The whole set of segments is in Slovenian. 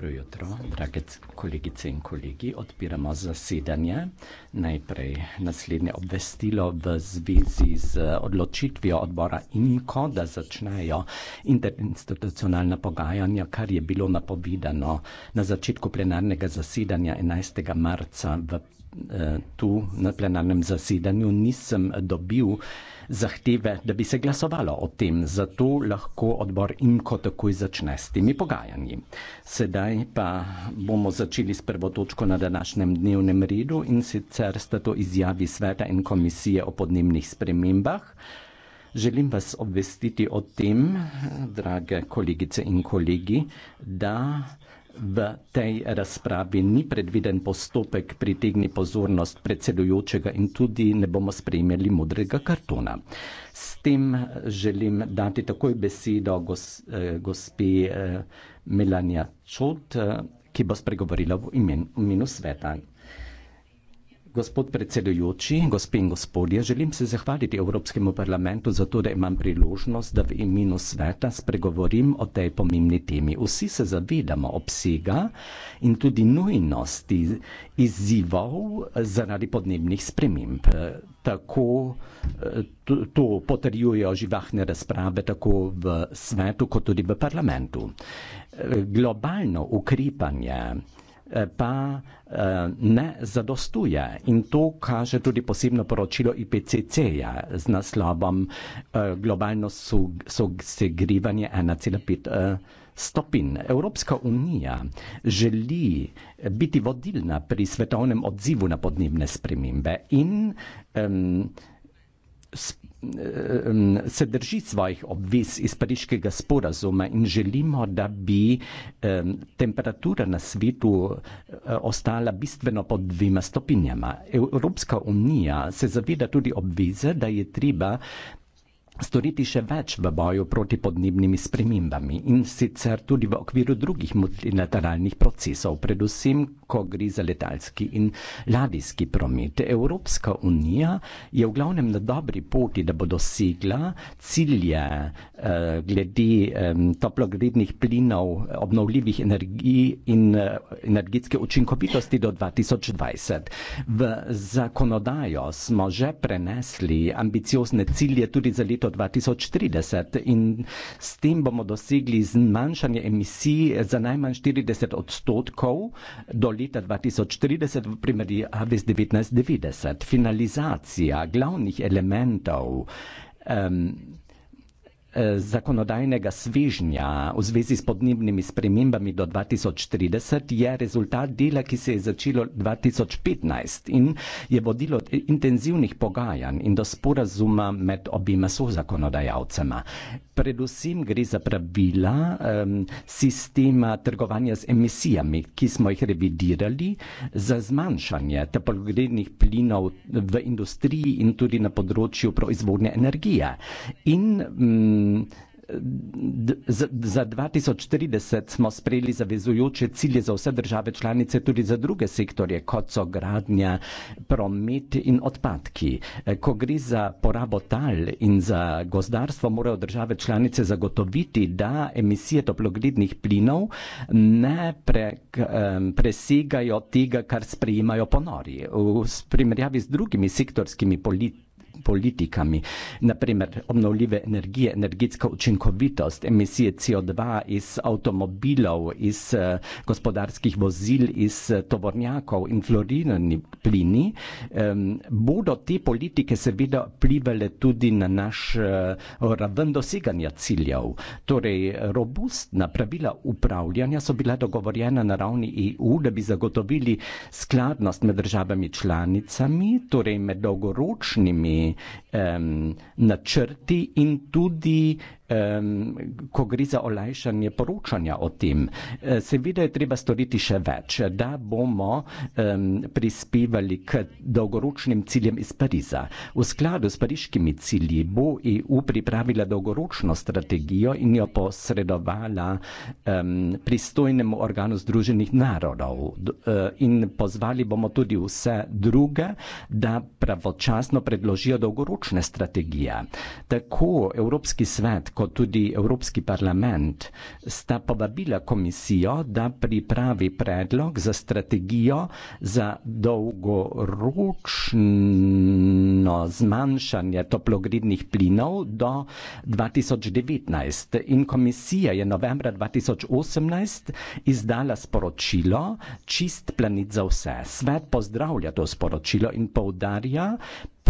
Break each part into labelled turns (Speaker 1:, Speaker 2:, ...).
Speaker 1: dobro jutro, drage kolegice in kolegi. Odpiramo zasedanje. Najprej naslednje obvestilo v zvezi z odločitvijo odbora INKO, da začnejo interinstitucionalna pogajanja, kar je bilo napovedano na začetku plenarnega zasedanja 11. marca v, eh, tu na plenarnem zasedanju. Nisem dobil zahteve, da bi se glasovalo o tem. Zato lahko odbor IMKO takoj začne s temi pogajanji. Sedaj pa bomo začeli s prvo točko na današnjem dnevnem redu in sicer sta to izjavi sveta in komisije o podnebnih spremembah. Želim vas obvestiti o tem, drage kolegice in kolegi, da V tej razpravi ni predviden postopek pritegni pozornost predsedujočega in tudi ne bomo sprejemili modrega kartona. S tem želim dati takoj besedo gos, eh, gospe eh, Melania Čot, eh, ki bo spregovorila v imen, imenu sveta. Gospod predsedujoči, gospe in gospodje, želim se zahvaliti Evropskemu parlamentu za to, da imam priložnost, da v imenu sveta spregovorim o tej pomembni temi. Vsi se zavedamo obsega in tudi nujnosti izzivov zaradi podnebnih sprememb. Tako to, to potrjujejo živahne razprave tako v svetu kot tudi v parlamentu. Globalno ukrepanje Eh, pa eh, ne zadostuje. In to kaže tudi posebno poročilo IPCC-ja z naslovom eh, Globalno segrivanje 1,5 stopin. Evropska unija želi biti vodilna pri svetovnem odzivu na podnebne spremembe in um, se drži svojih obvez iz pariškega sporazuma in želimo, da bi temperatura na svetu e, ostala bistveno pod dvema stopinjama. Evropska unija se zaveda tudi obveze, da je treba storiti še več v boju proti podnebnimi spremembami in sicer tudi v okviru drugih multilateralnih procesov, predvsem, ko gre za letalski in ladijski promet. Evropska unija je v glavnem na dobri poti, da bo dosegla cilje eh, glede eh, toplogrednih plinov, obnovljivih energij in eh, energetske učinkovitosti do 2020. V zakonodajo smo že prenesli ambiciozne cilje tudi za leto 2040 in s tem bomo dosegli zmanjšanje emisij za najmanj 40 odstotkov do leta 2030 v primerjavi z 1990. Finalizacija glavnih elementov. Um, Eh, zakonodajnega svežnja v zvezi s podnebnimi spremembami do 2030 je rezultat dela, ki se je začelo 2015 in je vodilo intenzivnih pogajanj in do sporazuma med obima sozakonodajalcema. Predvsem gre za pravila um, sistema trgovanja z emisijami, ki smo jih revidirali za zmanjšanje tepogrednih plinov v industriji in tudi na področju proizvodnje energije. In, um, za 2040 smo sprejeli zavezujoče cilje za vse države članice, tudi za druge sektorje, kot so gradnja, promet in odpadki. E, ko gre za porabo tal in za gozdarstvo, morajo države članice zagotoviti, da emisije toploglednih plinov ne pre, presegajo tega, kar sprejemajo ponori. V primerjavi z drugimi sektorskimi politikami, politikami. Naprimer, obnovljive energije, energetska učinkovitost, emisije CO2 iz avtomobilov, iz uh, gospodarskih vozil, iz uh, tovornjakov in florirani plini, um, bodo te politike seveda plivale tudi na naš uh, raven doseganja ciljev. Torej, robustna pravila upravljanja so bila dogovorjena na ravni EU, da bi zagotovili skladnost med državami članicami, torej med dolgoročnimi um, načrti in tudi uh, ko gre za olajšanje poročanja o tem. Eh, seveda je treba storiti še več, da bomo prispevali k dolgoročnim ciljem iz Pariza. V skladu s pariškimi cilji bo EU pripravila dolgoročno strategijo in jo posredovala pristojnemu organu Združenih narodov. E, in pozvali bomo tudi vse druge, da pravočasno predložijo dolgoročne strategije. Tako Evropski svet, kot tudi Evropski parlament sta povabila komisijo, da pripravi predlog za strategijo za dolgoročno zmanjšanje toplogrednih plinov do 2019. In komisija je novembra 2018 izdala sporočilo Čist planet za vse. Svet pozdravlja to sporočilo in poudarja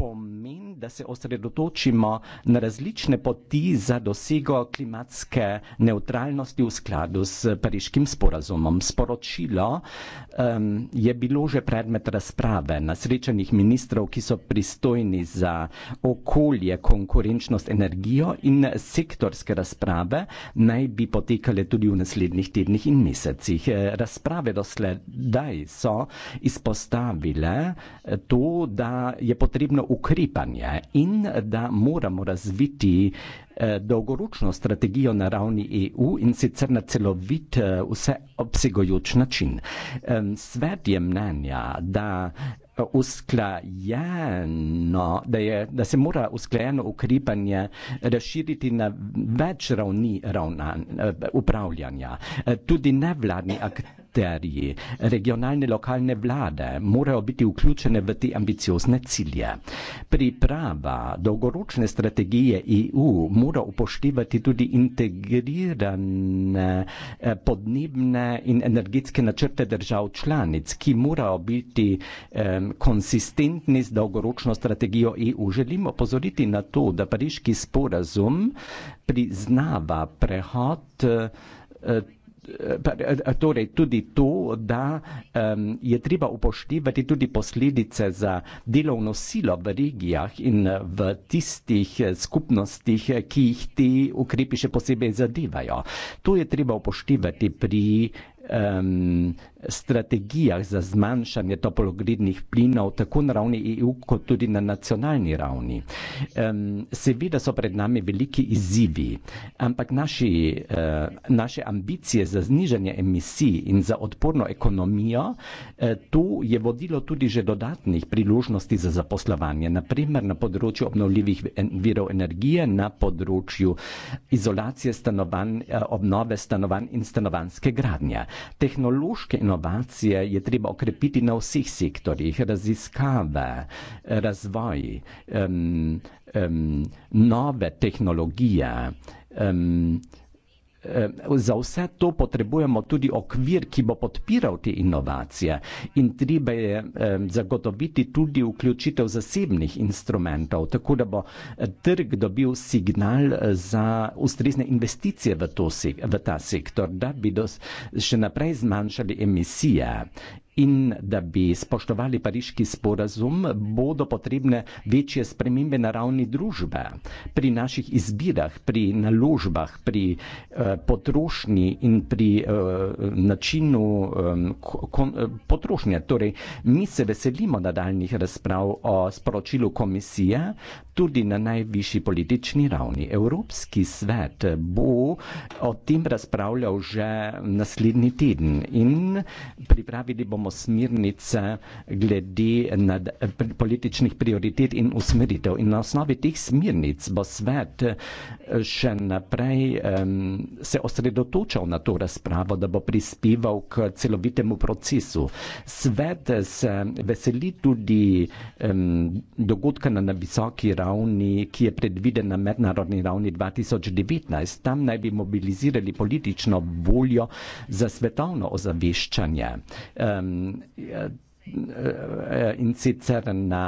Speaker 1: pomen, da se osredotočimo na različne poti za dosego klimatske neutralnosti v skladu s pariškim sporazumom. Sporočilo um, je bilo že predmet razprave na srečanjih ministrov, ki so pristojni za okolje, konkurenčnost, energijo in sektorske razprave naj bi potekale tudi v naslednjih tednih in mesecih. Razprave dosledaj so izpostavile to, da je potrebno ukrepanje in da moramo razviti eh, dolgoročno strategijo na ravni EU in sicer na celovit, eh, vseobsegojoč način. Svet je mnenja, da eh, usklajeno, da je, da se mora usklajeno ukrepanje razširiti na več ravni ravna, upravljanja. Tudi nevladni akt akterji, regionalne lokalne vlade morajo biti vključene v te ambiciozne cilje. Priprava dolgoročne strategije EU mora upoštevati tudi integrirane eh, podnebne in energetske načrte držav članic, ki morajo biti konsistentni z dolgoročno strategijo EU. Želim opozoriti na to, da pariški sporazum priznava prehod eh, Eh, eh, torej tudi to, da je treba upoštevati tudi posledice za delovno silo v regijah in eh, v tistih skupnostih, ki jih ti ukrepi še posebej zadevajo. To je treba upoštevati pri um, strategijah za zmanjšanje topologridnih plinov tako na ravni EU kot tudi na nacionalni ravni. Um, Seveda so pred nami veliki izzivi, ampak naši, uh, naše ambicije za znižanje emisij in za odporno ekonomijo, uh, eh, tu je vodilo tudi že dodatnih priložnosti za zaposlovanje, naprimer na področju obnovljivih en, virov energije, na področju izolacije stanovanj, uh, obnove stanovanj in stanovanske gradnje. Tehnološke in inovacije je treba okrepiti na vseh sektorjih, raziskave, razvoj, um, um, nove tehnologije. Um, Eh, za vse to potrebujemo tudi okvir, ki bo podpiral te inovacije in treba je eh, zagotoviti tudi vključitev zasebnih instrumentov, tako da bo eh, trg dobil signal za ustrezne investicije v, to, v ta sektor, da bi dos, še naprej zmanjšali emisije In da bi spoštovali pariški sporazum, bodo potrebne večje spremembe na ravni družbe, pri naših izbirah, pri naložbah, pri eh, potrošnji in pri eh, načinu eh, kon, eh, potrošnje. Torej, mi se veselimo nadaljnih razprav o sporočilu komisije, tudi na najvišji politični ravni. Evropski svet bo o tem razpravljal že naslednji teden in pripravili bomo smirnice glede nad političnih prioritet in usmeritev. In na osnovi teh smirnic bo svet eh, še naprej um, se osredotočal na to razpravo, da bo prispeval k celovitemu procesu. Svet se veseli tudi um, dogodka na visoki ravni, ravni, ki je predviden na mednarodni ravni 2019. Tam naj bi mobilizirali politično voljo za svetovno ozaveščanje. Um, in sicer na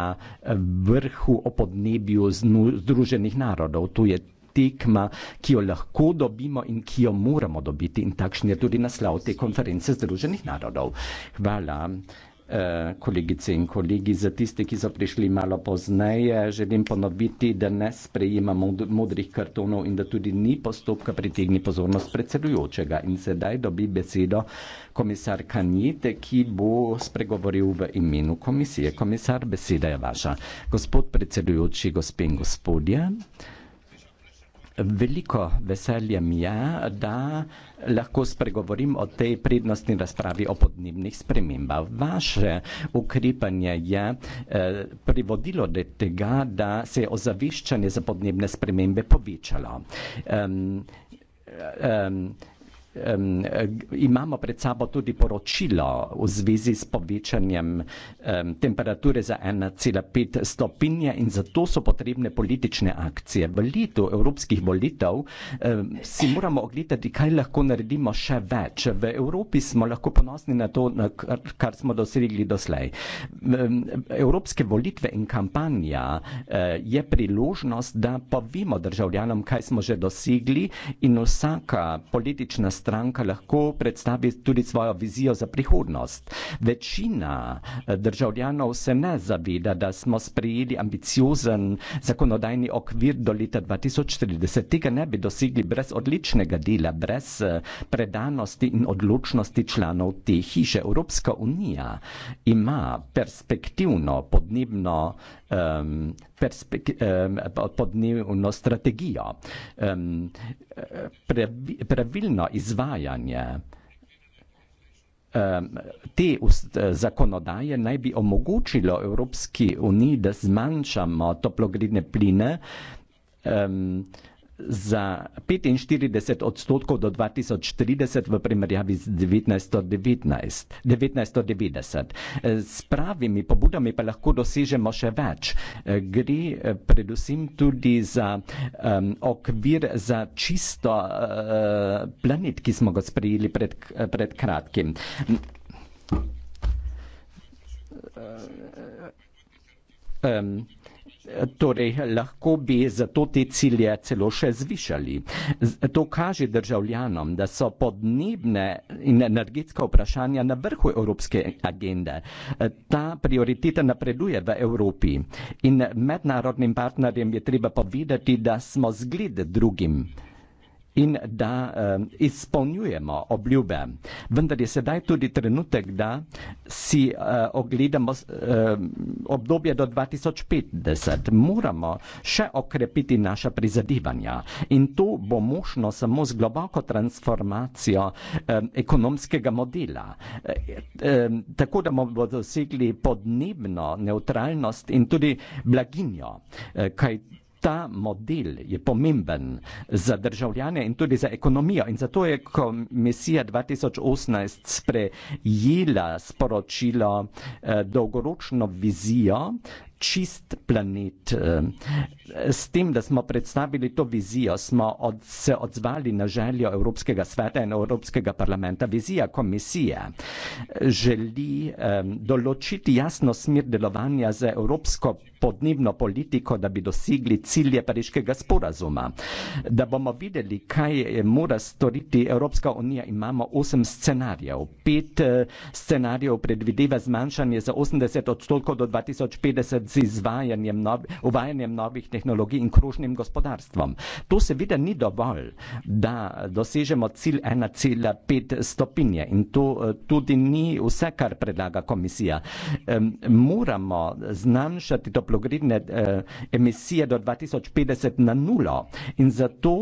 Speaker 1: vrhu o podnebju Združenih narodov. Tu je tekma, ki jo lahko dobimo in ki jo moramo dobiti. In takšen je tudi naslov te konference Združenih narodov. Hvala. Eh, kolegice in kolegi, za tiste, ki so prišli malo pozneje, želim ponoviti, da ne sprejema modrih kartonov in da tudi ni postopka pritegni pozornost predsedujočega. In sedaj dobi besedo komisar Kanjite, ki bo spregovoril v imenu komisije. Komisar, beseda je vaša. Gospod predsedujoči, gospe in gospodje. Veliko veselje mi je, da lahko spregovorim o tej prednostni razpravi o podnebnih spremembah. Vaše ukrepanje je eh, privodilo do tega, da se je ozaviščanje za podnebne spremembe povečalo. Um, imamo pred sabo tudi poročilo v zvezi s povečanjem um, temperature za 1,5 stopinje in zato so potrebne politične akcije. V letu evropskih volitev um, si moramo ogledati, kaj lahko naredimo še več. V Evropi smo lahko ponosni na to, na kar, kar smo dosegli doslej. Um, evropske volitve in kampanja uh, je priložnost, da povemo državljanom, kaj smo že dosegli in vsaka politična stvar, stranka lahko predstavi tudi svojo vizijo za prihodnost. Večina eh, državljanov se ne zaveda, da smo sprejeli ambiciozen zakonodajni okvir do leta 2030. Tega ne bi dosegli brez odličnega dela, brez eh, predanosti in odločnosti članov te hiše. Evropska unija ima perspektivno podnebno um, perspek, um, podnebno strategijo. Um, pravi, pravilno izvajanje te zakonodaje naj bi omogočilo Evropski uniji, da zmanjšamo toplogredne pline. Um, za 45 odstotkov do 2030 v primerjavi z 1919, 1990. S pravimi pobudami pa lahko dosežemo še več. Gre eh, predvsem tudi za um, okvir za čisto uh, planet, ki smo ga sprejeli pred, pred kratkim. Um, Torej, lahko bi zato te cilje celo še zvišali. To kaže državljanom, da so podnebne in energetska vprašanja na vrhu evropske agende. Ta prioriteta napreduje v Evropi in mednarodnim partnerjem je treba povedati, da smo zgled drugim in da um, izpolnjujemo obljube. Vendar je sedaj tudi trenutek, da si uh, ogledamo uh, obdobje do 2050. Moramo še okrepiti naša prizadevanja in to bo možno samo z globoko transformacijo um, ekonomskega modela. Um, tako da bomo dosegli podnebno neutralnost in tudi blaginjo. Uh, ta model je pomemben za državljane in tudi za ekonomijo. In zato je komisija 2018 sprejela sporočilo eh, dolgoročno vizijo čist planet. S tem, da smo predstavili to vizijo, smo od, se odzvali na željo Evropskega sveta in Evropskega parlamenta. Vizija komisije želi um, določiti jasno smer delovanja za Evropsko podnebno politiko, da bi dosegli cilje pariškega sporazuma. Da bomo videli, kaj mora storiti Evropska unija, imamo osem scenarijev. Pet uh, scenarijev predvideva zmanjšanje za 80 odstotkov do 2050 z izvajanjem novi, uvajanjem novih tehnologij in krožnim gospodarstvom. To seveda ni dovolj, da dosežemo cilj 1,5 stopinje in to tudi ni vse, kar predlaga komisija. Moramo zmanjšati toplogridne eh, emisije do 2050 na nulo in zato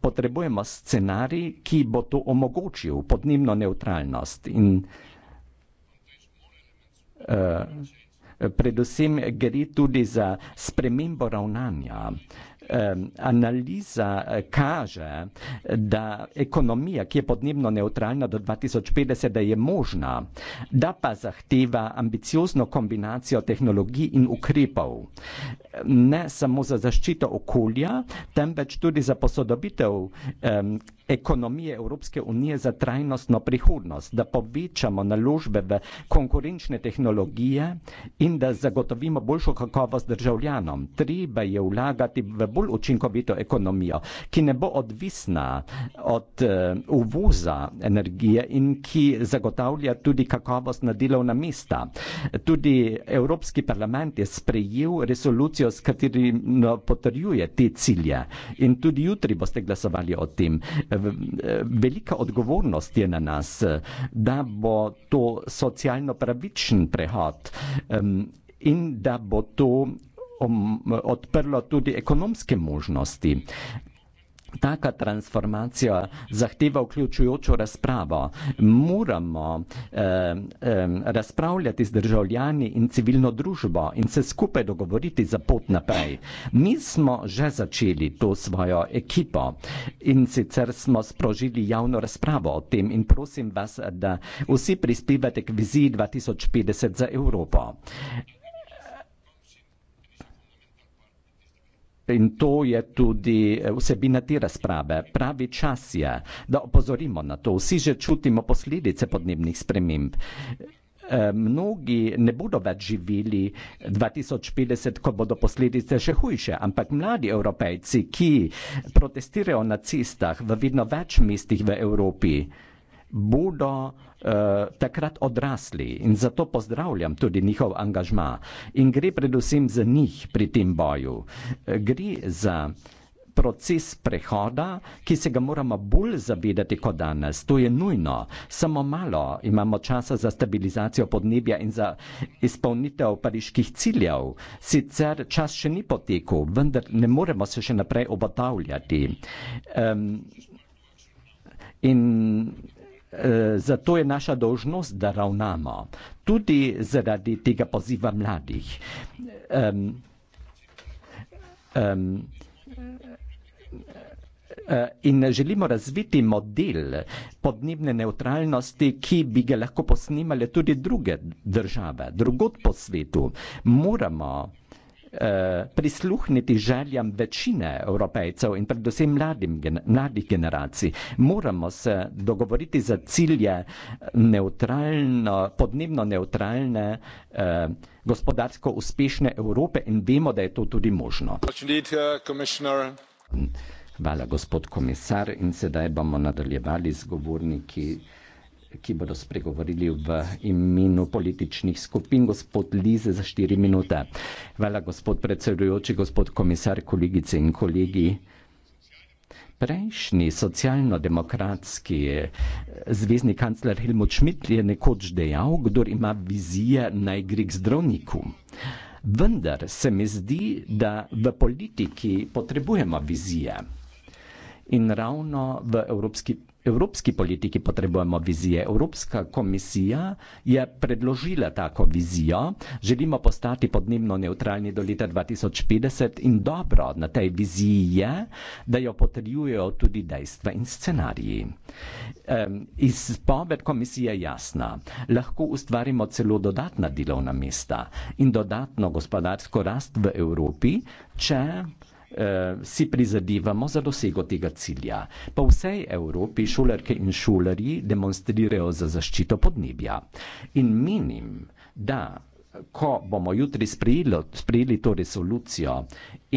Speaker 1: potrebujemo scenarij, ki bo to omogočil, podnebno neutralnost. In, uh, predvsem gre tudi za spremembo ravnanja eh, analiza eh, kaže, da ekonomija, ki je podnebno neutralna do 2050, da je možna, da pa zahteva ambiciozno kombinacijo tehnologij in ukrepov. Ne samo za zaščito okolja, temveč tudi za posodobitev eh, ekonomije Evropske unije za trajnostno prihodnost, da povečamo naložbe v konkurenčne tehnologije in da zagotovimo boljšo kakovost državljanom. Treba je vlagati v bolj učinkovito ekonomijo, ki ne bo odvisna od uh, uvoza energije in ki zagotavlja tudi kakovost na delovna mesta. Tudi Evropski parlament je sprejel resolucijo, s katerim potrjuje te cilje in tudi jutri boste glasovali o tem. Eh, velika odgovornost je na nas, da bo to socialno pravičen prehod. Um, In da bo to om, odprlo tudi ekonomske možnosti. Taka transformacija zahteva vključujočo razpravo. Moramo eh, eh, razpravljati z državljani in civilno družbo in se skupaj dogovoriti za pot naprej. Mi smo že začeli to svojo ekipo in sicer smo sprožili javno razpravo o tem in prosim vas, da vsi prispevate k viziji 2050 za Evropo. In to je tudi eh, vsebina te razprave. Pravi čas je, da opozorimo na to. Vsi že čutimo posledice podnebnih sprememb. Eh, mnogi ne bodo več živeli 2050, ko bodo posledice še hujše, ampak mladi evropejci, ki protestirajo na cestah v vedno več mestih v Evropi, bodo uh, takrat odrasli in zato pozdravljam tudi njihov angažma. In gre predvsem za njih pri tem boju. Eh, gre za proces prehoda, ki se ga moramo bolj zavedati kot danes. To je nujno. Samo malo imamo časa za stabilizacijo podnebja in za izpolnitev pariških ciljev. Sicer čas še ni potekel, vendar ne moremo se še naprej obotavljati. Um, in Eh, zato je naša dolžnost, da ravnamo. Tudi zaradi tega poziva mladih. Um, um, In želimo razviti model podnebne neutralnosti, ki bi ga lahko posnemale tudi druge države, drugot po svetu. Moramo Eh, prisluhniti željam večine evropejcev in predvsem mladim, mladih generacij. Moramo se dogovoriti za cilje neutralno, podnebno neutralne, eh, gospodarsko uspešne Evrope in vemo, da je to tudi možno. Hvala, gospod komisar, in sedaj bomo nadaljevali z govorniki ki bodo spregovorili v imenu političnih skupin. Gospod Lize za štiri minute. Hvala, gospod predsedujoči, gospod komisar, kolegice in kolegi. Prejšnji socialno-demokratski eh, zvezdni kancler Helmut Schmidt je nekoč dejal, kdo ima vizije naj gre k zdravniku. Vendar se mi zdi, da v politiki potrebujemo vizije. In ravno v Evropski evropski politiki potrebujemo vizije. Evropska komisija je predložila tako vizijo, želimo postati podnebno neutralni do leta 2050 in dobro na tej viziji je, da jo potrjujejo tudi dejstva in scenariji. Um, izpoved komisije je jasna, lahko ustvarimo celo dodatna delovna mesta in dodatno gospodarsko rast v Evropi, če Eh, si prizadevamo za dosego tega cilja. Po vsej Evropi šolarke in šolarji demonstrirajo za zaščito podnebja. In menim, da ko bomo jutri sprejeli, sprejeli to resolucijo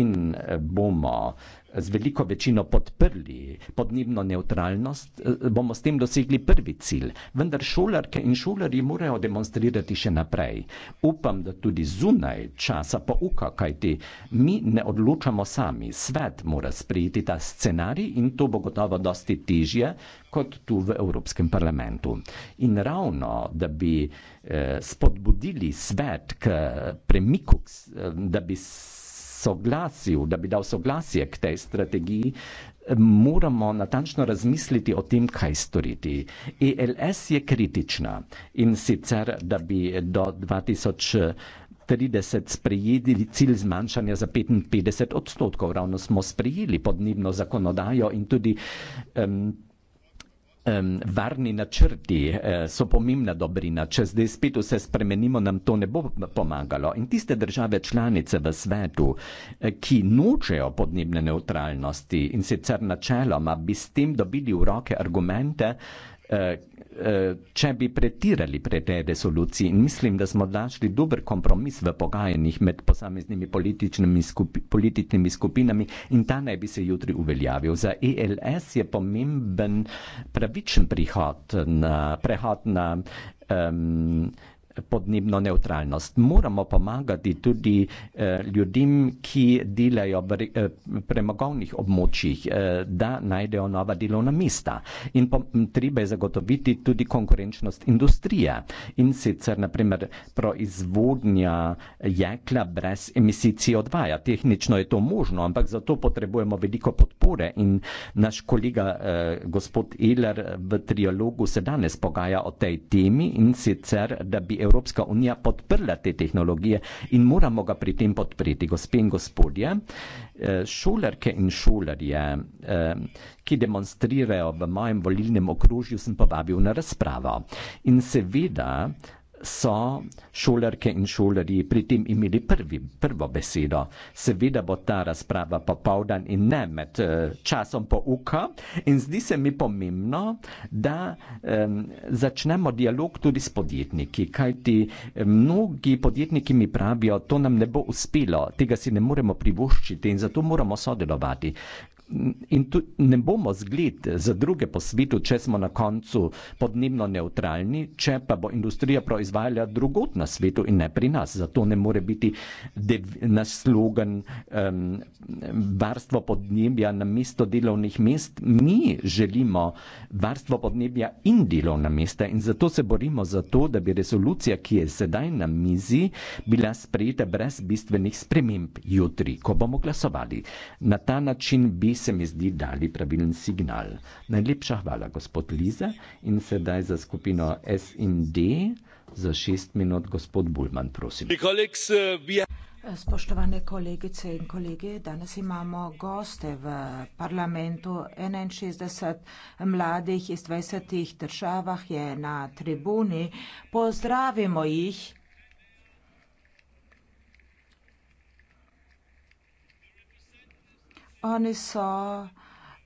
Speaker 1: in eh, bomo uh, z veliko večino podprli podnebno neutralnost, eh, bomo s tem dosegli prvi cilj. Vendar šolarke in šolari morajo demonstrirati še naprej. Upam, da tudi zunaj časa pouka, kajti mi ne odločamo sami. Svet mora sprejeti ta scenarij in to bo gotovo dosti težje kot tu v Evropskem parlamentu. In ravno, da bi eh, spodbudili svet k premiku, eh, da bi soglasil, da bi dal soglasje k tej strategiji, moramo natančno razmisliti o tem, kaj storiti. ELS je kritična in sicer, da bi do 2000. 30 sprejeli cilj zmanjšanja za 55 odstotkov. Ravno smo sprejeli podnebno zakonodajo in tudi um, Um, varni načrti uh, so pomembna dobrina. Če zdaj spet vse spremenimo, nam to ne bo pomagalo. In tiste države članice v svetu, eh, ki nočejo podnebne neutralnosti in sicer načeloma bi s tem dobili v roke argumente, uh, Eh, eh, če bi pretirali pri tej resoluciji. Mislim, da smo našli dober kompromis v pogajanjih med posameznimi političnimi, skupi, političnimi skupinami in ta naj bi se jutri uveljavil. Za ELS je pomemben pravičen prihod na prehod na. Um, podnebno neutralnost. Moramo pomagati tudi eh, ljudem, ki delajo v eh, premogovnih območjih, eh, da najdejo nova delovna mesta. In po, treba je zagotoviti tudi konkurenčnost industrije. In sicer, naprimer, proizvodnja jekla brez emisij CO2. -ja. Tehnično je to možno, ampak zato potrebujemo veliko podpore. In naš kolega eh, gospod Eler v trialogu se danes pogaja o tej temi in sicer, da bi Evropa Evropska unija podprla te tehnologije in moramo ga pri tem podpreti. Gospe in gospodje, eh, šolarke in šolarje, eh, ki demonstrirajo v mojem volilnem okrožju, sem povabil na razpravo. In seveda so šolarke in šolarji pri tem imeli prvi, prvo besedo. Seveda bo ta razprava popovdan in ne med eh, časom pouka in zdi se mi pomembno, da eh, začnemo dialog tudi s podjetniki, kajti mnogi podjetniki mi pravijo, to nam ne bo uspelo, tega si ne moremo privoščiti in zato moramo sodelovati. In tu ne bomo zgled za druge po svetu, če smo na koncu podnebno neutralni, če pa bo industrija proizvajala drugot na svetu in ne pri nas. Zato ne more biti naš slogan um, varstvo podnebja na mesto delovnih mest. Mi želimo varstvo podnebja in delovna mesta in zato se borimo za to, da bi resolucija, ki je sedaj na mizi, bila sprejeta brez bistvenih sprememb jutri, ko bomo glasovali. Na se mi zdi, dali pravilen signal. Najlepša hvala, gospod Liza. In sedaj za skupino S in D, za šest minut, gospod Bulman, prosim.
Speaker 2: Spoštovane kolegice in kolege, danes imamo goste v parlamentu. 61 mladih iz 20 državah je na tribuni. Pozdravimo jih. Oni so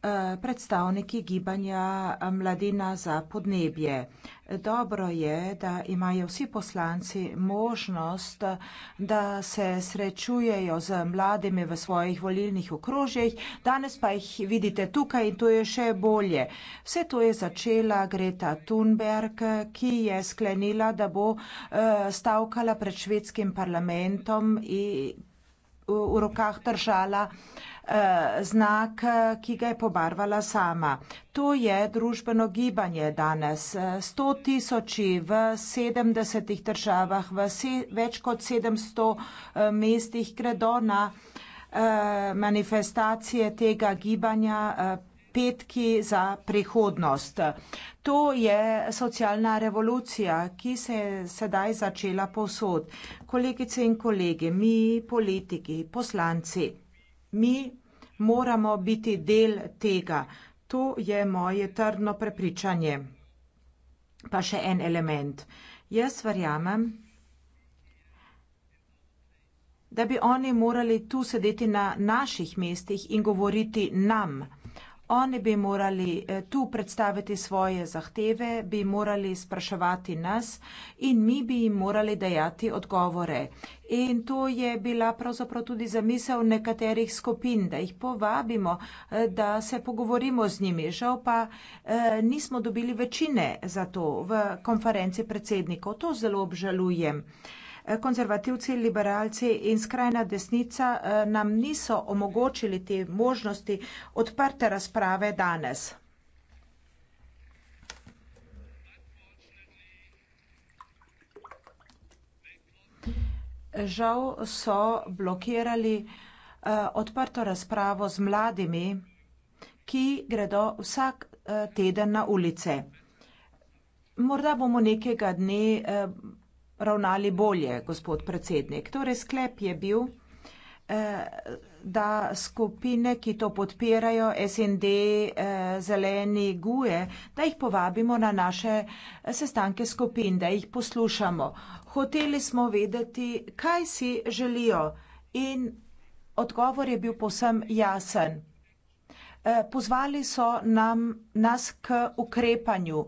Speaker 2: eh, predstavniki gibanja eh, Mladina za podnebje. Dobro je, da imajo vsi poslanci možnost, da se srečujejo z mladimi v svojih volilnih okrožjih, danes pa jih vidite tukaj in to je še bolje. Vse to je začela Greta Thunberg, ki je sklenila, da bo eh, stavkala pred švedskim parlamentom in v rokah držala Eh, znak, eh, ki ga je pobarvala sama. To je družbeno gibanje danes. 100 eh, tisoči v 70 državah, v se, več kot 700 mestih gredo na manifestacije tega gibanja petki za prihodnost. To je socialna revolucija, ki se je sedaj začela posod. Kolegice in kolege, mi politiki, poslanci, Mi moramo biti del tega. To je moje trdno prepričanje. Pa še en element. Jaz verjamem, da bi oni morali tu sedeti na naših mestih in govoriti nam. Oni bi morali eh, tu predstaviti svoje zahteve, bi morali spraševati nas in mi bi jim morali dajati odgovore. In to je bila pravzaprav tudi zamisel nekaterih skupin, da jih povabimo, eh, da se pogovorimo z njimi. Žal pa eh, nismo dobili večine za to v konferenci predsednikov. To zelo obžalujem konzervativci, liberalci in skrajna desnica eh, nam niso omogočili te možnosti odprte razprave danes. Žal so blokirali eh, odprto razpravo z mladimi, ki gredo vsak eh, teden na ulice. Morda bomo nekega dne ravnali bolje, gospod predsednik. Torej, sklep je bil, eh, da skupine, ki to podpirajo, SND, eh, zeleni, guje, da jih povabimo na naše eh, sestanke skupin, da jih poslušamo. Hoteli smo vedeti, kaj si želijo in odgovor je bil posem jasen. Pozvali so nam, nas k ukrepanju.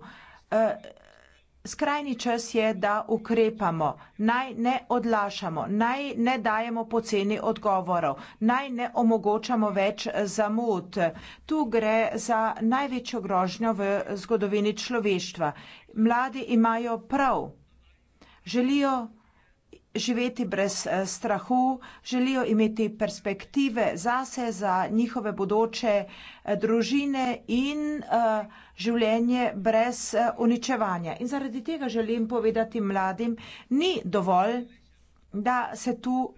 Speaker 2: Skrajni čas je, da ukrepamo, naj ne odlašamo, naj ne dajemo poceni odgovorov, naj ne omogočamo več zamud. Tu gre za največjo grožnjo v zgodovini človeštva. Mladi imajo prav, želijo živeti brez eh, strahu, želijo imeti perspektive zase, za njihove bodoče eh, družine in eh, življenje brez uničevanja. In zaradi tega želim povedati mladim, ni dovolj, da se tu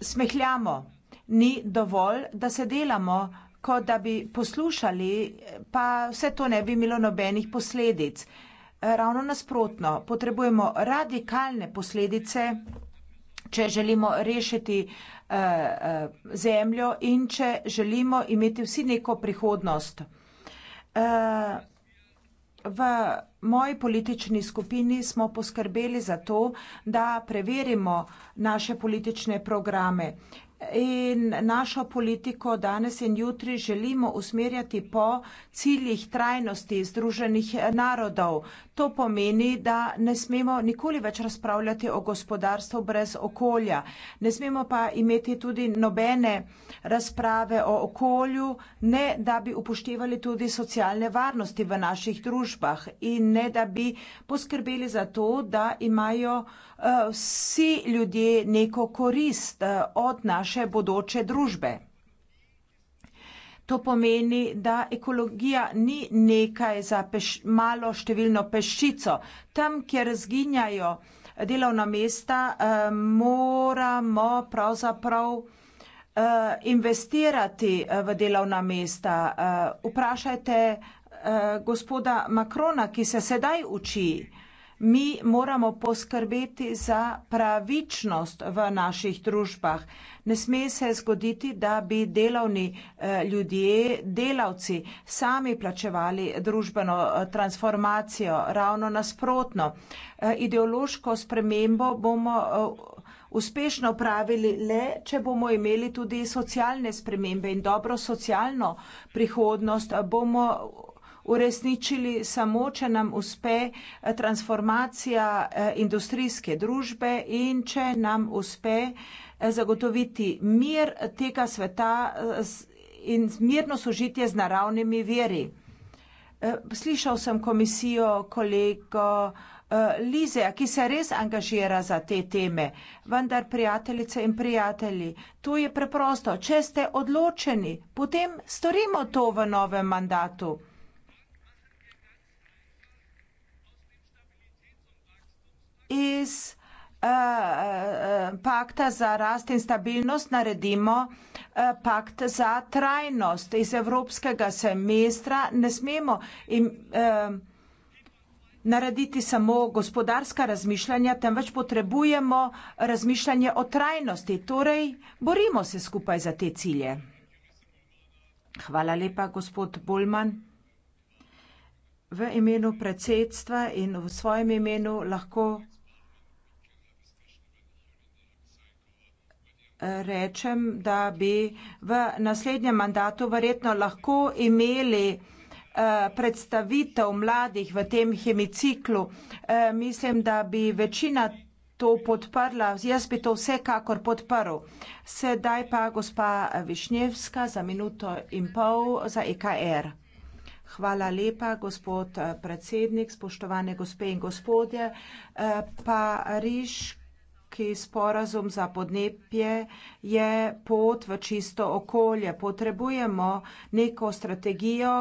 Speaker 2: smehljamo, ni dovolj, da se delamo, kot da bi poslušali, pa vse to ne bi imelo nobenih posledic. Ravno nasprotno, potrebujemo radikalne posledice, če želimo rešiti eh, eh, zemljo in če želimo imeti vsi neko prihodnost. Eh, v moji politični skupini smo poskrbeli za to, da preverimo naše politične programe in našo politiko danes in jutri želimo usmerjati po ciljih trajnosti Združenih narodov. To pomeni, da ne smemo nikoli več razpravljati o gospodarstvu brez okolja. Ne smemo pa imeti tudi nobene razprave o okolju, ne da bi upoštevali tudi socialne varnosti v naših družbah in ne da bi poskrbeli za to, da imajo vsi ljudje neko korist eh, od naše bodoče družbe. To pomeni, da ekologija ni nekaj za malo številno peščico. Tam, kjer zginjajo delovna mesta, eh, moramo pravzaprav eh, investirati v delovna mesta. Vprašajte gospoda Macrona, ki se sedaj uči mi moramo poskrbeti za pravičnost v naših družbah. Ne sme se zgoditi, da bi delovni eh, ljudje, delavci sami plačevali družbeno eh, transformacijo, ravno nasprotno. Eh, ideološko spremembo bomo uspešno pravili le, če bomo imeli tudi socialne spremembe in dobro socialno prihodnost, bomo uresničili samo, če nam uspe eh, transformacija eh, industrijske družbe in če nam uspe eh, zagotoviti mir tega sveta in mirno sožitje z naravnimi veri. Slišal sem komisijo kolego Lize, ki se res angažira za te teme, vendar prijateljice in prijatelji, to je preprosto, če ste odločeni, potem storimo to v novem mandatu. iz uh, pakta za rast in stabilnost naredimo uh, pakt za trajnost. Iz evropskega semestra ne smemo im, uh, narediti samo gospodarska razmišljanja, temveč potrebujemo razmišljanje o trajnosti. Torej, borimo se skupaj za te cilje. Hvala lepa, gospod Bolman. V imenu predsedstva in v svojem imenu lahko rečem, da bi v naslednjem mandatu verjetno lahko imeli eh, predstavitev mladih v tem hemiciklu. Eh, mislim, da bi večina to podprla, jaz bi to vsekakor podprl. Sedaj pa gospa Višnjevska za minuto in pol za EKR. Hvala lepa, gospod eh, predsednik, spoštovane gospe in gospodje. Pa Riška. Pariški sporazum za podnebje je pot v čisto okolje. Potrebujemo neko strategijo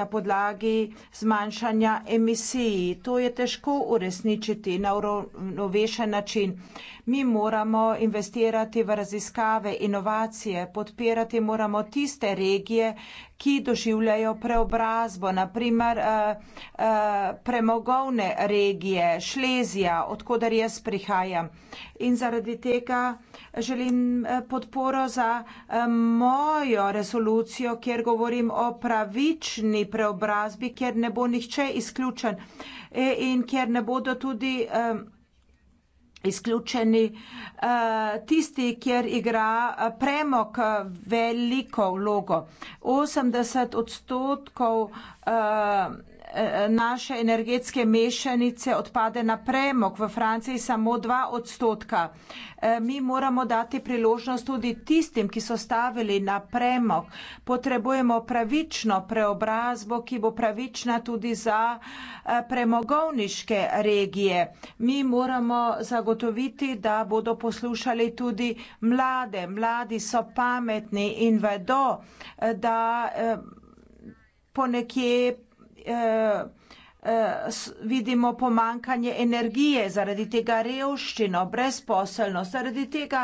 Speaker 2: na podlagi zmanjšanja emisiji. To je težko uresničiti na uravnovešen način. Mi moramo investirati v raziskave, inovacije, podpirati moramo tiste regije, ki doživljajo preobrazbo, naprimer eh, eh, premogovne regije, Šlezija, odkudar jaz prihajam in zaradi tega želim eh, podporo za eh, mojo resolucijo, kjer govorim o pravični preobrazbi, kjer ne bo nihče izključen eh, in kjer ne bodo tudi izključeni tisti, kjer igra premok veliko vlogo. 80 odstotkov naše energetske mešanice odpade na premog, v Franciji samo dva odstotka. E, mi moramo dati priložnost tudi tistim, ki so stavili na premog. Potrebujemo pravično preobrazbo, ki bo pravična tudi za e, premogovniške regije. Mi moramo zagotoviti, da bodo poslušali tudi mlade. Mladi so pametni in vedo, e, da ponekje Eh, eh, vidimo pomankanje energije, zaradi tega revščino, brezposelnost, zaradi tega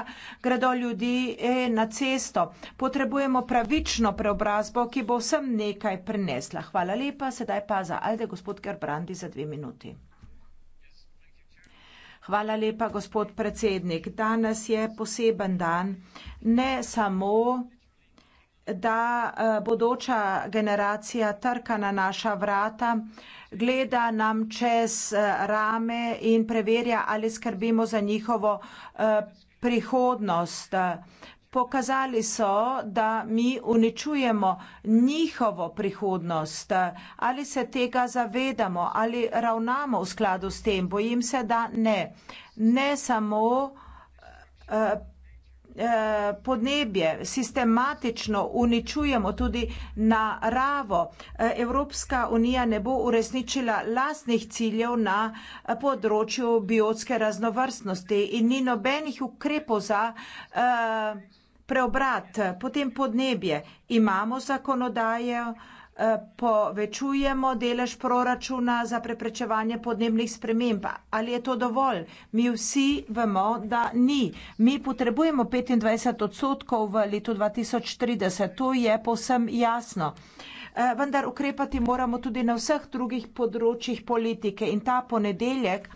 Speaker 2: gredo ljudi eh, na cesto. Potrebujemo pravično preobrazbo, ki bo vsem nekaj prinesla. Hvala lepa, sedaj pa za Alde gospod Gerbrandi za dve minuti. Hvala lepa, gospod predsednik. Danes je poseben dan, ne samo da eh, bodoča generacija trka na naša vrata, gleda nam čez eh, rame in preverja, ali skrbimo za njihovo eh, prihodnost. Pokazali so, da mi uničujemo njihovo prihodnost. Ali se tega zavedamo, ali ravnamo v skladu s tem? Bojim se, da ne. Ne samo Eh, podnebje, sistematično uničujemo tudi naravo. Eh, Evropska unija ne bo uresničila lastnih ciljev na eh, področju biotske raznovrstnosti in ni nobenih ukrepov za preobrat. Potem podnebje. Imamo zakonodajo, Eh, povečujemo delež proračuna za preprečevanje podnebnih sprememb. Ali je to dovolj? Mi vsi vemo, da ni. Mi potrebujemo 25 odstotkov v letu 2030. To je povsem jasno. Eh, vendar ukrepati moramo tudi na vseh drugih področjih politike. In ta ponedeljek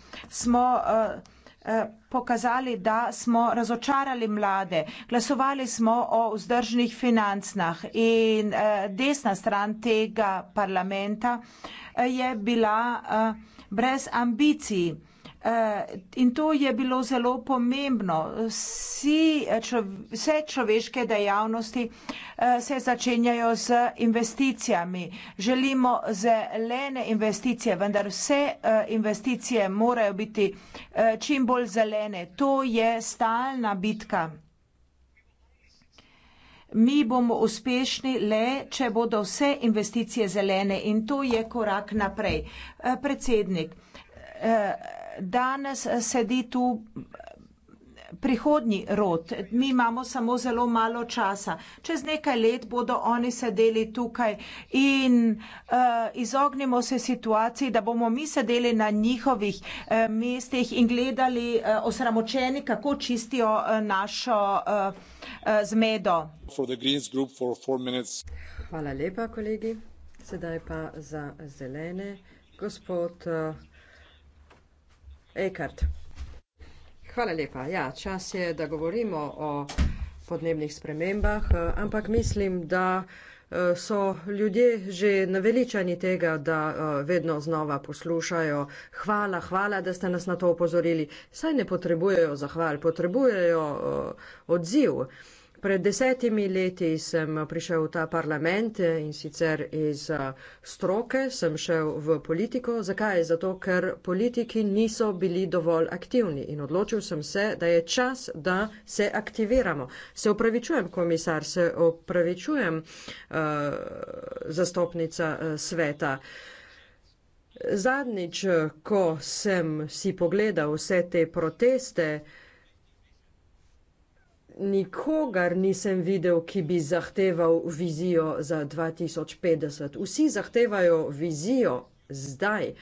Speaker 2: smo. Uh, Eh, pokazali, da smo razočarali mlade. Glasovali smo o vzdržnih financnah in eh, desna stran tega parlamenta eh, je bila brez ambicij. Eh, in to je bilo zelo pomembno. Vsi, eh, čov, vse človeške dejavnosti eh, se začenjajo z investicijami. Želimo zelene investicije, vendar vse investicije morajo biti čim bolj zelene. To je stalna bitka. Mi bomo uspešni le, če bodo vse investicije zelene in to je korak naprej. Predsednik, danes eh, sedi tu eh, prihodnji rod. Mi imamo samo zelo malo časa. Čez nekaj let bodo oni sedeli tukaj in uh, izognimo se situaciji, da bomo mi sedeli na njihovih uh, mestih in gledali uh, osramočeni, kako čistijo uh, našo uh, uh, zmedo.
Speaker 3: Hvala lepa, kolegi. Sedaj pa za zelene. Gospod. Uh, Ekart. Hvala lepa. Ja, čas je, da govorimo o podnebnih spremembah, ampak mislim, da eh, so ljudje že naveličani tega, da eh, vedno znova poslušajo. Hvala, hvala, da ste nas na to upozorili. Saj ne potrebujejo zahval, potrebujejo eh, odziv. Pred desetimi leti sem prišel v ta parlament in sicer iz stroke sem šel v politiko. Zakaj? Zato, ker politiki niso bili dovolj aktivni in odločil sem se, da je čas, da se aktiviramo. Se upravičujem, komisar, se upravičujem, zastopnica sveta. Zadnjič, ko sem si pogledal vse te proteste, Nikogar nisem videl, ki bi zahteval vizijo za 2050. Vsi zahtevajo vizijo zdaj.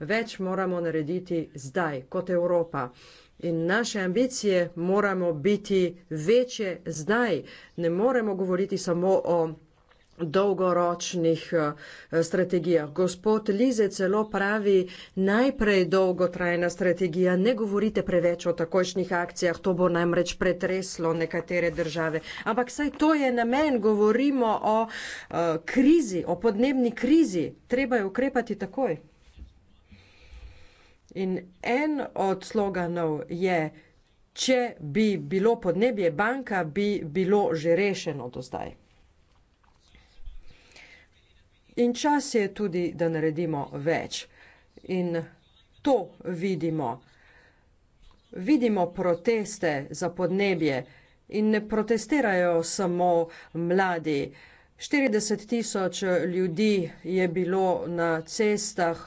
Speaker 3: Več moramo narediti zdaj, kot Evropa. In naše ambicije moramo biti večje zdaj. Ne moremo govoriti samo o dolgoročnih eh, strategijah. Gospod Lize celo pravi, najprej dolgotrajna strategija, ne govorite preveč o takošnjih akcijah, to bo namreč pretreslo nekatere države. Ampak saj to je namen, govorimo o uh, krizi, o podnebni krizi, treba je ukrepati takoj. In en od sloganov je, če bi bilo podnebje banka, bi bilo že rešeno do zdaj. In čas je tudi, da naredimo več. In to vidimo. Vidimo proteste za podnebje in ne protestirajo samo mladi. 40 tisoč ljudi je bilo na cestah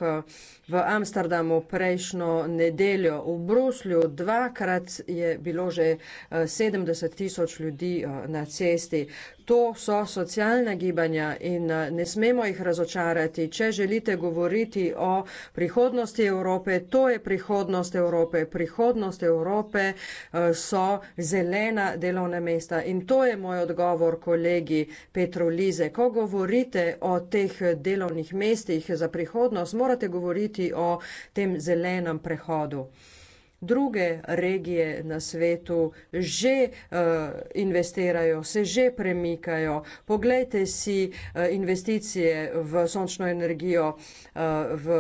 Speaker 3: v Amsterdamu prejšnjo nedeljo, v Bruslju dvakrat je bilo že 70 eh, tisoč ljudi eh, na cesti. To so socialna gibanja in eh, ne smemo jih razočarati. Če želite govoriti o prihodnosti Evrope, to je prihodnost Evrope. Prihodnost Evrope eh, so zelena delovna mesta in to je moj odgovor kolegi Petru Lize. Ko govorite o teh delovnih mestih za prihodnost, morate govoriti o tem zelenem prehodu druge regije na svetu že uh, investirajo, se že premikajo. Poglejte si uh, investicije v sončno energijo uh, v,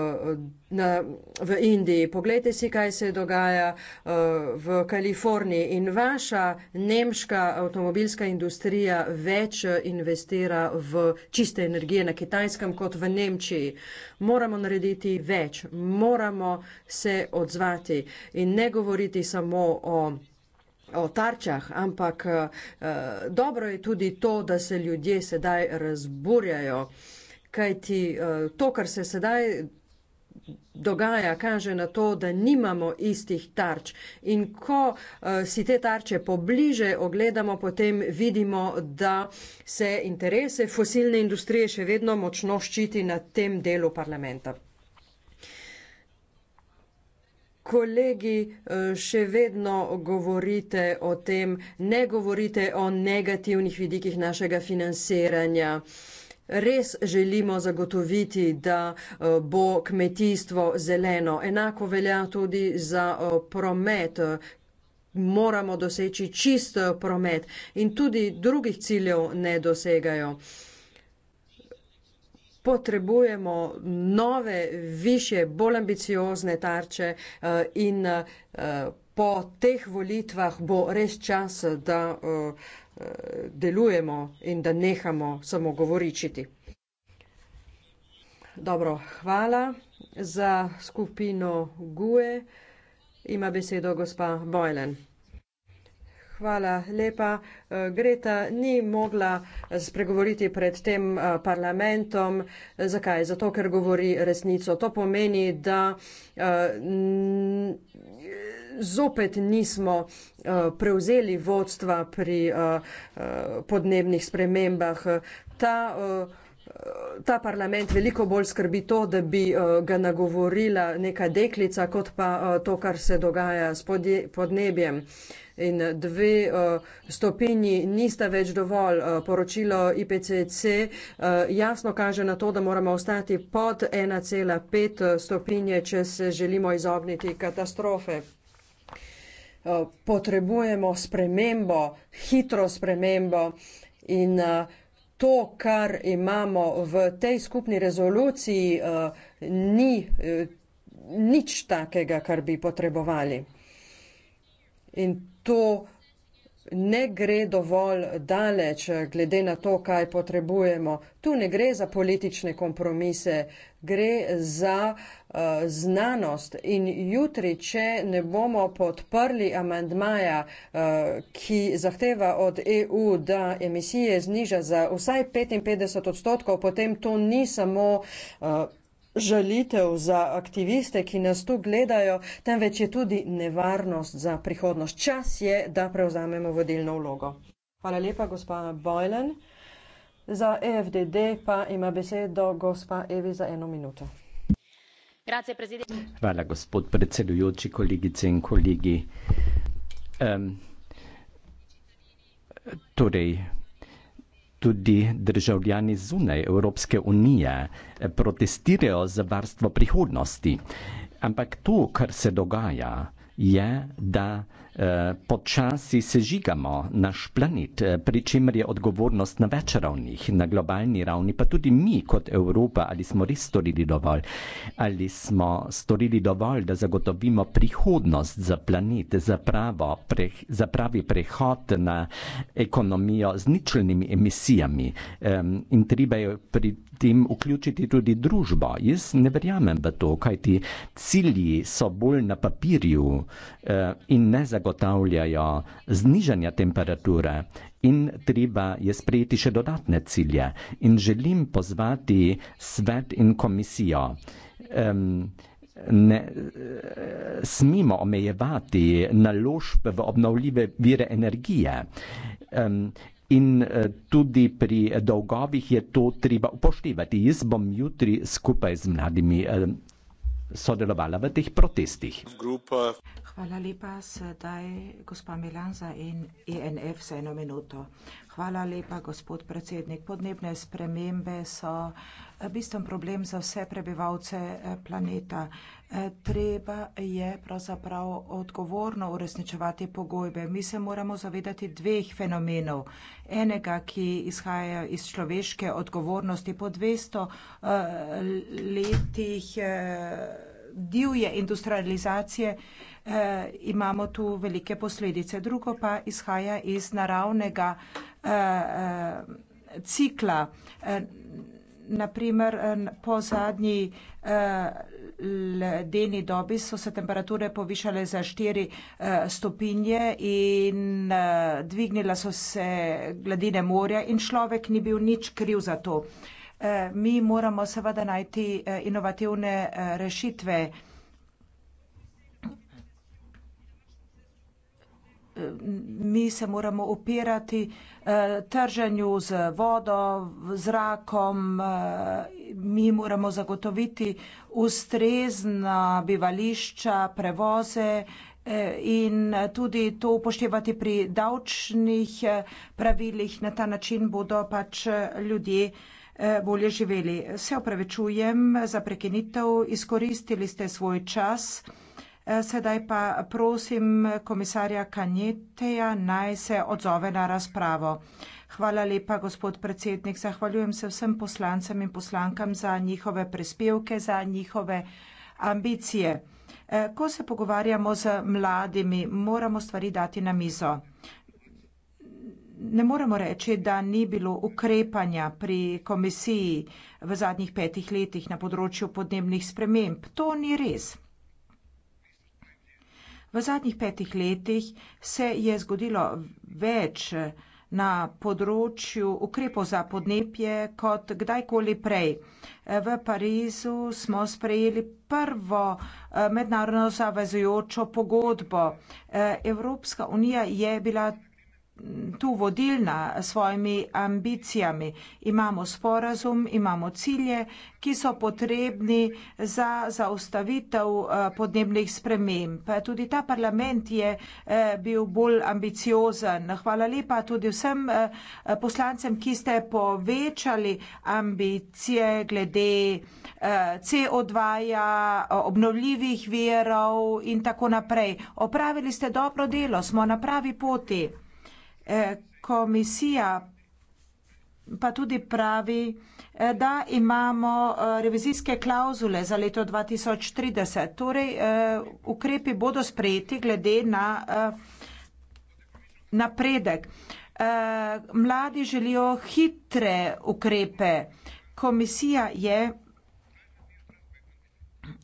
Speaker 3: na, v Indiji, poglejte si, kaj se dogaja uh, v Kaliforniji in vaša nemška avtomobilska industrija več investira v čiste energije na kitajskem kot v Nemčiji. Uh, moramo narediti več, moramo se odzvati in ne govoriti samo o o tarčah, ampak eh, dobro je tudi to, da se ljudje sedaj razburjajo, kajti eh, to, kar se sedaj dogaja, kaže na to, da nimamo istih tarč. In ko uh, si te tarče pobliže ogledamo, potem vidimo, da se interese fosilne industrije še vedno močno ščiti na tem delu parlamenta. Kolegi, eh, še vedno govorite o tem, ne govorite o negativnih vidikih našega financiranja. Uh, res želimo zagotoviti, da eh, bo kmetijstvo zeleno. Enako velja tudi za eh, promet. Moramo doseči čist eh, promet in tudi drugih ciljev ne dosegajo. Potrebujemo nove, više, bolj ambiciozne tarče in po teh volitvah bo res čas, da delujemo in da nehamo samo govoričiti. Dobro, hvala za skupino GUE. Ima besedo gospa Bojlen. Hvala lepa. Greta ni mogla spregovoriti pred tem eh, parlamentom. Zakaj? Zato, ker govori resnico. To pomeni, da eh, zopet nismo uh, prevzeli vodstva pri uh, uh, podnebnih spremembah. Ta, uh, Ta parlament veliko bolj skrbi to, da bi ga nagovorila neka deklica, kot pa to, kar se dogaja s podnebjem. In dve stopinji nista več dovolj. Poročilo IPCC jasno kaže na to, da moramo ostati pod 1,5 stopinje, če se želimo izogniti katastrofe. Eh, potrebujemo spremembo, hitro spremembo in eh, to, kar imamo v tej skupni rezoluciji, eh, ni nič takega, kar bi potrebovali. In to ne gre dovolj daleč, glede na to, kaj potrebujemo. Tu ne gre za politične kompromise, gre za uh, znanost. In jutri, če ne bomo podprli amandmaja, uh, ki zahteva od EU, da emisije zniža za vsaj 55 odstotkov, potem to ni samo. Uh, žalitev za aktiviste, ki nas tu gledajo, temveč je tudi nevarnost za prihodnost. Čas je, da prevzamemo vodilno vlogo. Hvala lepa, gospa Bojlen. Za EFDD pa ima besedo gospa Evi za eno minuto.
Speaker 1: Hvala, gospod predsedujoči, kolegice in kolegi. Um, torej, tudi državljani zunaj Evropske unije eh, protestirajo za varstvo prihodnosti. Ampak to, kar se dogaja, je, da Eh, počasi sežigamo naš planet, eh, pri čemer je odgovornost na več ravnih, na globalni ravni, pa tudi mi kot Evropa, ali smo res storili dovolj, ali smo storili dovolj, da zagotovimo prihodnost za planet, za, pravo, pre, za pravi prehod na ekonomijo z ničelnimi emisijami. Um, in treba je pri tem vključiti tudi družbo. Jaz ne verjamem v to, kaj ti cilji so bolj na papirju eh, in ne zagotavljajo znižanja temperature in treba je sprejeti še dodatne cilje. In želim pozvati svet in komisijo. Um, Ne eh, smemo omejevati naložb v obnovljive vire energije. In eh, tudi pri eh, dolgovih je to treba upoštevati. Jaz bom jutri skupaj z mladimi eh, sodelovala v teh protestih. Grupa.
Speaker 2: Hvala lepa, sedaj gospa Milanza in INF e za eno minuto. Hvala lepa, gospod predsednik. Podnebne spremembe so bistven problem za vse prebivalce planeta. Eh, treba je pravzaprav odgovorno uresničevati pogojbe. Mi se moramo zavedati dveh fenomenov. Enega, ki izhaja iz človeške odgovornosti po 200 uh, eh, letih. Uh, divje industrializacije, eh, imamo tu velike posledice. Drugo pa izhaja iz naravnega eh, cikla. Eh, naprimer, eh, po zadnji eh, ledeni dobi so se temperature povišale za 4 eh, stopinje in eh, dvignila so se gladine morja in človek ni bil nič kriv za to. Eh, mi moramo seveda najti inovativne rešitve. mi se moramo opirati eh, trženju z vodo, zrakom, eh, mi moramo zagotoviti ustrezna bivališča, prevoze eh, in tudi to upoštevati pri davčnih pravilih. Na ta način bodo pač ljudje bolje živeli. Se opravičujem za prekinitev, izkoristili ste svoj čas. Eh, sedaj pa prosim komisarja Kanjeteja naj se odzove na razpravo. Hvala lepa, gospod predsednik. Zahvaljujem se vsem poslancem in poslankam za njihove prispevke, za njihove ambicije. Eh, ko se pogovarjamo z mladimi, moramo stvari dati na mizo. Ne moremo reči, da ni bilo ukrepanja pri komisiji v zadnjih petih letih na področju podnebnih sprememb. To ni res. V zadnjih petih letih se je zgodilo več eh, na področju ukrepov za podnebje kot kdajkoli prej. Eh, v Parizu smo sprejeli prvo eh, mednarodno zavezujočo pogodbo. Evropska unija je bila tu vodilna s svojimi ambicijami. Imamo sporazum, imamo cilje, ki so potrebni za zaustavitev eh, podnebnih sprememb. Tudi ta parlament je eh, bil bolj ambiciozen. Hvala lepa tudi vsem eh, poslancem, ki ste povečali ambicije glede CO2-ja, obnovljivih verov in tako naprej. Opravili ste dobro delo, smo na pravi poti. Eh, komisija pa tudi pravi, eh, da imamo eh, revizijske klauzule za leto 2030. Torej, ukrepi bodo sprejeti glede na napredek. Mladi želijo hitre ukrepe. Komisija je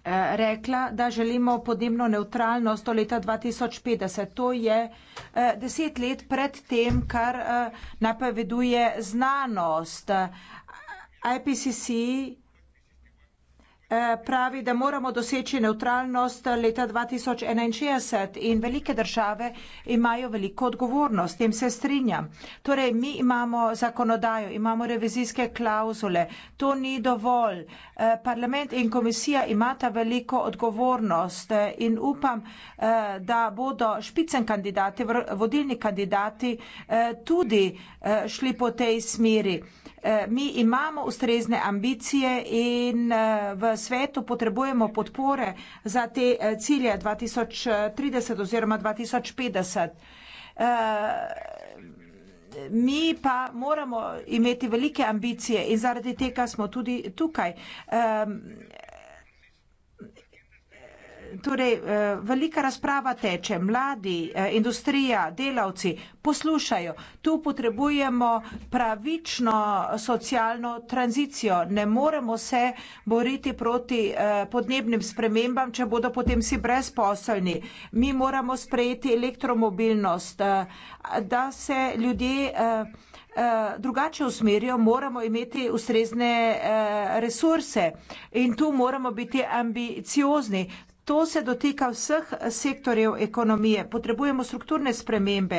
Speaker 2: Eh, rekla, da želimo podnebno neutralnost do leta 2050. To je eh, deset let pred tem, kar eh, napoveduje znanost. IPCC Eh, pravi, da moramo doseči neutralnost leta 2061 in velike države imajo veliko odgovornost, tem se strinjam. Torej, mi imamo zakonodajo, imamo revizijske klauzule, to ni dovolj. Eh, parlament in komisija imata veliko odgovornost eh, in upam, da bodo špicen kandidati, vodilni kandidati tudi šli po tej smeri. Eh, mi imamo ustrezne ambicije in eh, v svetu potrebujemo podpore za te eh, cilje 2030 oziroma 2050. Mi pa moramo imeti velike ambicije in zaradi tega smo tudi tukaj torej eh, velika razprava teče, mladi, eh, industrija, delavci poslušajo. Tu potrebujemo pravično socialno tranzicijo. Ne moremo se boriti proti eh, podnebnim spremembam, če bodo potem vsi brezposelni. Mi moramo sprejeti elektromobilnost, da se ljudje drugače usmerijo, moramo imeti ustrezne resurse in tu moramo biti ambiciozni. To se dotika vseh sektorjev ekonomije. Potrebujemo strukturne spremembe.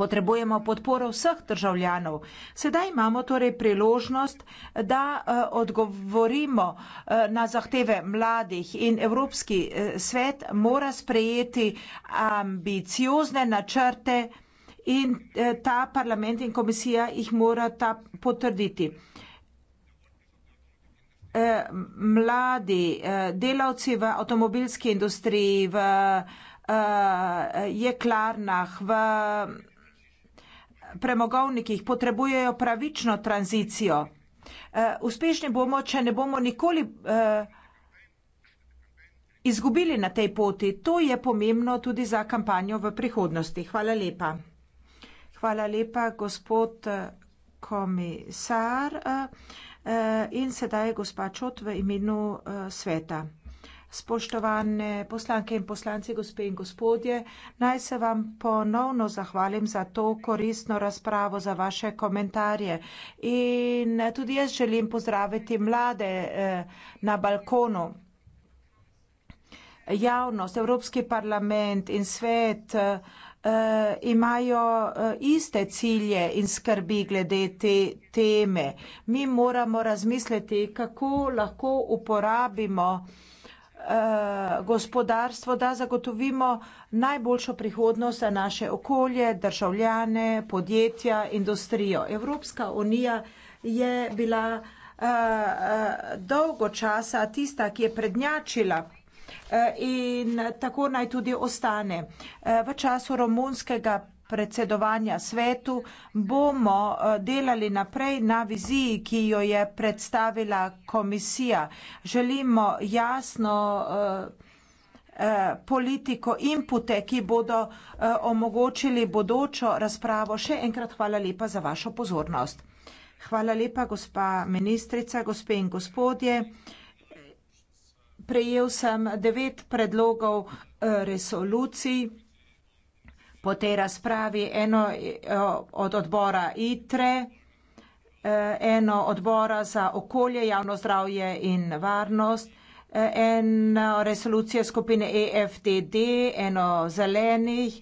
Speaker 2: Potrebujemo podporo vseh državljanov. Sedaj imamo torej priložnost, da eh, odgovorimo eh, na zahteve mladih in Evropski eh, svet mora sprejeti ambiciozne načrte in ta parlament in komisija jih mora potrditi. Eh, mladi eh, delavci v avtomobilski industriji, v eh, jeklarnah, v premogovnikih potrebujejo pravično tranzicijo. Uspešni bomo, če ne bomo nikoli izgubili na tej poti. To je pomembno tudi za kampanjo v prihodnosti. Hvala lepa. Hvala lepa, gospod komisar. Eh, in sedaj gospa Čot v imenu eh, sveta. Spoštovane poslanke in poslanci, gospe in gospodje, naj se vam ponovno zahvalim za to koristno razpravo, za vaše komentarje. In eh, tudi jaz želim pozdraviti mlade na balkonu. Javnost, Evropski parlament in svet uh, imajo uh, iste cilje in skrbi glede te teme. Mi moramo razmisliti, kako lahko uporabimo eh, gospodarstvo, da zagotovimo najboljšo prihodnost za naše okolje, državljane, podjetja, industrijo. Evropska unija je bila uh, uh, dolgo časa tista, ki je prednjačila Eh, in tako naj tudi ostane. Eh, v času romunskega predsedovanja svetu bomo eh, delali naprej na viziji, ki jo je predstavila komisija. Želimo jasno politiko inpute, ki bodo omogočili bodočo razpravo. Še enkrat hvala lepa za vašo pozornost. Hvala lepa, gospa ministrica, gospe in gospodje prejel sem devet predlogov eh, resolucij, po tej razpravi eno eh, od odbora ITRE, eh, eno odbora za okolje, javno zdravje in varnost, eno resolucijo skupine EFDD, eno zelenih,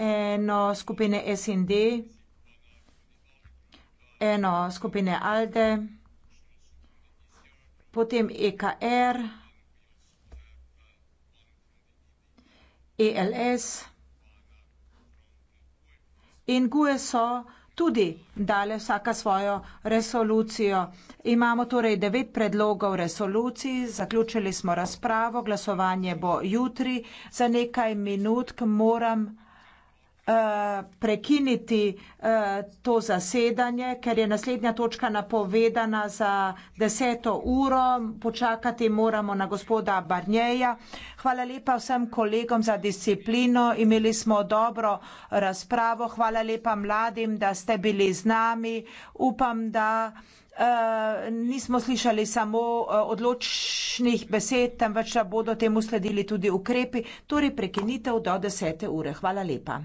Speaker 2: eno skupine SND, eno skupine ALDE, potem EKR, ELS. In GUSO tudi dale vsaka svojo resolucijo. Imamo torej devet predlogov resolucij, zaključili smo razpravo, glasovanje bo jutri. Za nekaj minutk moram. Eh, prekiniti eh, to zasedanje, ker je naslednja točka napovedana za deseto uro. Počakati moramo na gospoda Barnjeja. Hvala lepa vsem kolegom za disciplino. Imeli smo dobro razpravo. Hvala lepa mladim, da ste bili z nami. Upam, da. Uh, nismo slišali samo uh, odločnih besed, temveč da bodo temu sledili tudi ukrepi, torej prekinitev do 10. ure. Hvala lepa.